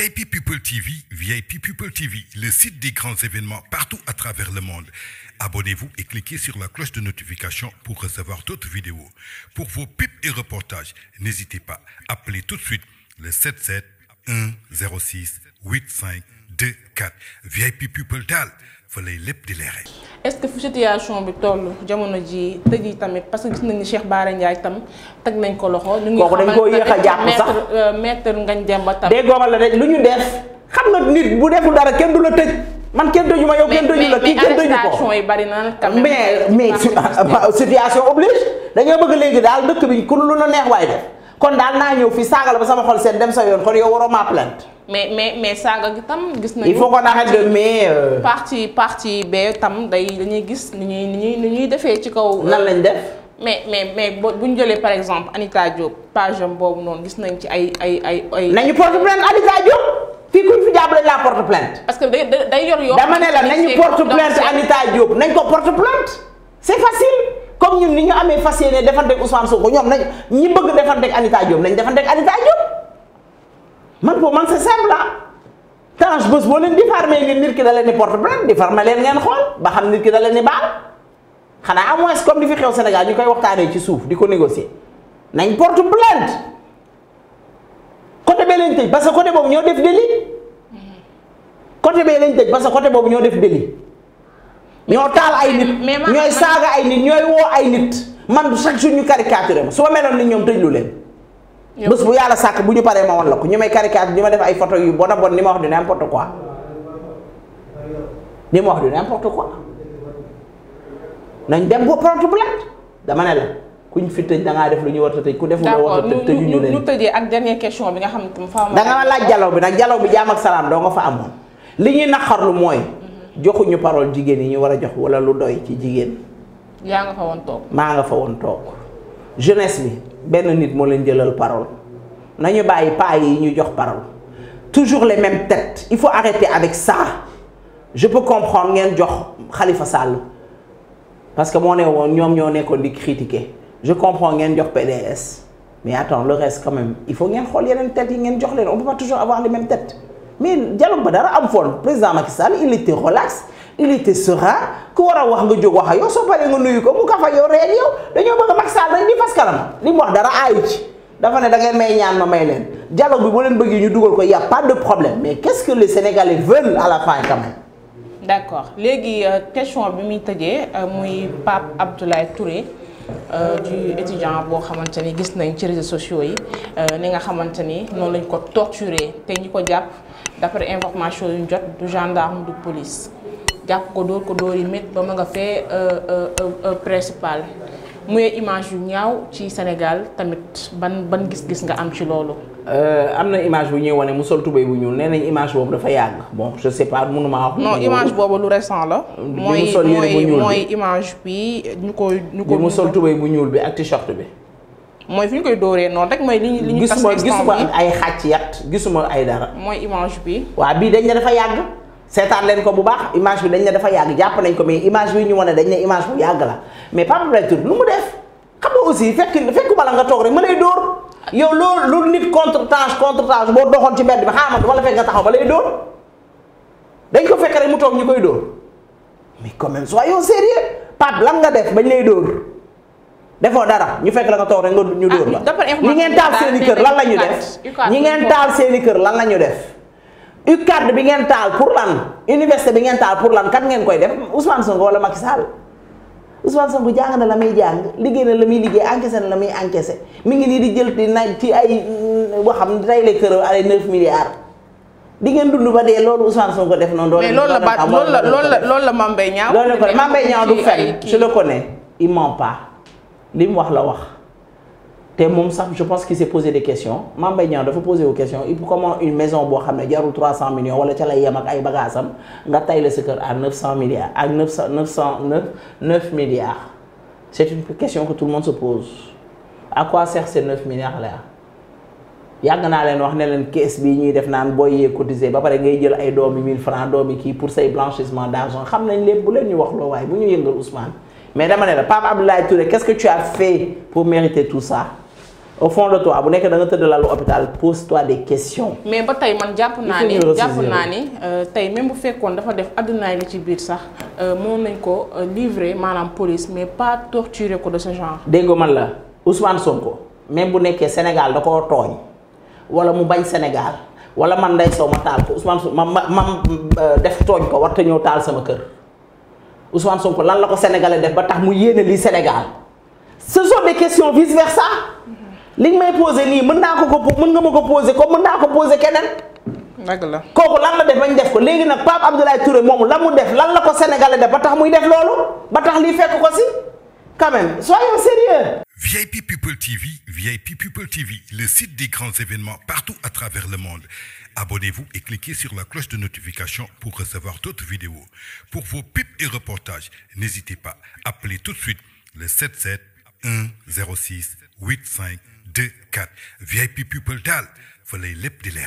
VIP People TV, VIP People TV, le site des grands événements partout à travers le monde. Abonnez-vous et cliquez sur la cloche de notification pour recevoir d'autres vidéos. Pour vos pipes et reportages, n'hésitez pas, appelez tout de suite le 77 106 85 24 VIP People DAL. Vous les est-ce que fu situation bi toll jamono ji tëj yi tamit parce que gis nañu Cheikh Bara Ndiaye tam teg nañ ko loxo. ñu ngi xamal dañ koo yéex a jàpp sax euh, maître Ngagne Demba tam. lu ñu def xam na nit bu deful dara kenn du la tëj. man kenn tëju ma yow kenn tëju la kii kenn tëju ko mais mais ah, ah, ah, situation oblige dañoo bëgg léegi daal dëkk bi ku lu la neex waay def kon daal naa ñëw fii saagal ba sama xol seen dem sa yoon kon yow waroo maa plainte mais mais mais ça, tam gis nañu. il faut qu'on arrête de mais. parti parti bee tam day dañuy gis ni ñuy ni ñuy ni ñuy defee ci kaw. Euh, nan lañ def. mais mais mais buñ ñu par exemple Anita Diop page bobu non gis nañ ci ay ay ay ay. nañu porte plainte Anita Diop. fi ku fi jàppale la porte plainte. parce que day yor yo dama né la nañu porte plainte Anita Diop nañ ko porte plainte. c'est facile. comme ñun ni ñu amee fas défendre Ousmane Sonko ñom nañ ñi bëgg defanteeg Anita Diop nañ defanteeg Anita Diop. man pour man c'est simple ah tange bés boo leen diffamé ngeen nit ki da leen di porte plainte diffamé leen ngeen xool ba xam nit ki da leen di baal xanaa au moins comme li fi xew Sénégal ñu koy waxtaanee ci suuf di ko négocier nañ porte plainte côté bee lañ tëj parce que côté boobu ñoo def délit coté bee lañ tëj parce que côté boobu ñoo def délit ñoo taal ay nit ñooy saaga ay nit ñooy woo ay nit man chaque jour ñu caricaturé ma su ma meloon ni ñoom tëj lu leen bés bu yàlla sàkk bu ñu paree ma wan la ko ñu may caricature di ma def ay photo yu bon a bon li ma wax du n'importe quoi li ma wax du n'importe quoi nañ dem ba bu plainte dama ne la kuñ fi tëj da def lu ñu war a tëj ku def lu ñu war a tëj tëjuñu leen question bi nga xam ne fa da nga ma laaj bi nag jalaw bi jaam ak salaam doo nga fa amoon li ñuy naqarlu mooy mhm. joxuñu parole jigéen yi ñu war a jox wala lu doy ci jigéen yaa nga fa woon toog maa nga fa woon toog jeunesse bi ben nit mo leen jëlal parole nañu bàyyi paa yi ñu jox parole toujours les mêmes têtes il faut arrêter avec ça je peux comprendre ngeen jox Khalifa Sall parce que mo ne won ñom ñoo nekkoon di critiquer je comprends ngeen jox PDS mais attends le reste quand même il faut ngeen xol yeneen têtes yi ngeen jox leen on peut pas toujours avoir les mêmes têtes mais dialogue ba dara am foon président Macky Sall il était relax unité serein ku war a wax nga jog wax yo so soo nga nuyu ko mu kafa yow reen yow dañu bëgg max Macky Sall rek di fas kanam li wax dara ay ci dafa ne da ngeen may ñaan ma may leen dialogue bi bu leen bëgg ñu duggal ko y' a pas de problème mais qu'est-ce que les Sénégalais veulent à la fin quand même. d'accord légui euh, question bi mi tëjee euh, muy Pape Abdoulaye Touré. Euh, du étudiant bo xamanteni gis nañ ci réseaux sociaux yi ni nga xamanteni non lañ ko torturer té ñi ko jàpp d'après information yu jot du gendarme du police jàpp ko dóor ko dóor yi métti ma nga fee euh, euh, euh, principal muy image yu ñaaw ci Sénégal tamit ban ban gis-gis nga am ci lolu euh amna image bu ñuy wane mu sol tubéy bu ñu nee nañ image bobu dafa yag bon je sais pas mënuma wax. non image bobu lu récent la. mooy moy mooy image bi ñu ko ñu ko. mu sol tubéy bu ñuul bi ak t-shirt bi. mooy fi koy dóoree non rek moy li ñu. gis ñu gisuma ay xàcc yatt gisuma ay dara. moy image bi. wa bi dañ la dafa yag seetaan leen ko bu baax image bi dañ ne dafa yàgg jàpp nañ ko mais image bi ñu wane dañ ne image bu yàgg la mais Pape Abdoulaye Touré lu mu def xam nga aussi fekk fekkuma la nga toog rek ma lay dóor yow loolu loolu nit contretemps contretemps boo doxoon ci mbedd bi xaaral ma du ma la fekk nga taxaw dañ ko fekk rek mu toog ñu koy dóor mais quand même yow sérieux Pape lan nga def bañ lay dóor defoo dara ñu fekk la nga toog rek nga ñu dóor ah, la ñi ngeen taal seen i kër lan la ñu def ñi ngeen taal seeni kër lan la ñu def UCAD bi ngeen taal pour lan université bi ngeen taal pour lan kan ngeen koy def Ousmane Sonko wala Macky Sall Ousmane Sonko jàng na la muy jàng liggéey na la muy liggéey encaissé na la muy encaissé mi ngi nii di jël di na ci ay mm, waxam day lay këram ay 9 milliards di ngeen dund ba dee loolu Ousmane Sonko def noonu. doole loolu la ba loolu la loolu la loolu la Mame Mbaye Niang. loolu la ko Mame Mbaye Niang du fen le connais il ment pas li mu wax la wax. Et je pense qu'il s'est posé des questions Mame Mbaye Niang dafa poser aux questions et comment une maison boo xam 300 millions wala ca lay yem ak ay bagaasam nga tay la sa à 900 milliards ak 900 909 9 milliards c'est une question que tout le monde se pose à quoi sert ces 9 milliards là yàgg naa leen wax ne caisse kees bii ñuy def naan booy yee cotisé ba pare ngay jël ay 1000 francs doomi kii pour ces blanchissement d'argent Je ne sais bu leen ñu wax loo waaye bu ñu Ousmane mais dama ne la Abdoulaye Touré qu'est-ce que tu as fait pour mériter tout ça au fond de toi bu nekkee da nga tëdd lalu pose toi des questions. mais ba tey man jàpp nani, ni nani, naa euh, même bu fait quand def àddunaay li ci biir sax euh, Mon nañ ko euh, livrer en police mais pas torturer quoi de ce genre. dégg man la Ousmane Sonko même bu nekkee Sénégal da koo tooñ wala mu bañ Sénégal wala man Ndeye Sow ma taal ko Ousmane ma ma ma def quoi ko warta ñëw taal sama kër Ousmane Sonko lan la ko sénégalais def ba tax mu yéene lii Sénégal ce sont des questions vice versa liñ may poser ni mën naa ko ko mën nga ma ko poser ko mën naa ko posé keneen. dëgg la kooku lan la def bañ def ko léegi nag Pape Abdoulaye Touré moom la mu def lan la ko Sénégalais def ba tax muy def loolu ba tax lii fekk ko si quand même soyons sérieux. VIP People TV, VIP People TV, le site des grands événements partout à travers le monde. Abonnez-vous et cliquez sur la cloche de notification pour recevoir d'autres vidéos. Pour vos pips et reportages, n'hésitez pas, appelez tout de suite le 77 1 06 8 5 2 4 VIP people dal les lay lepp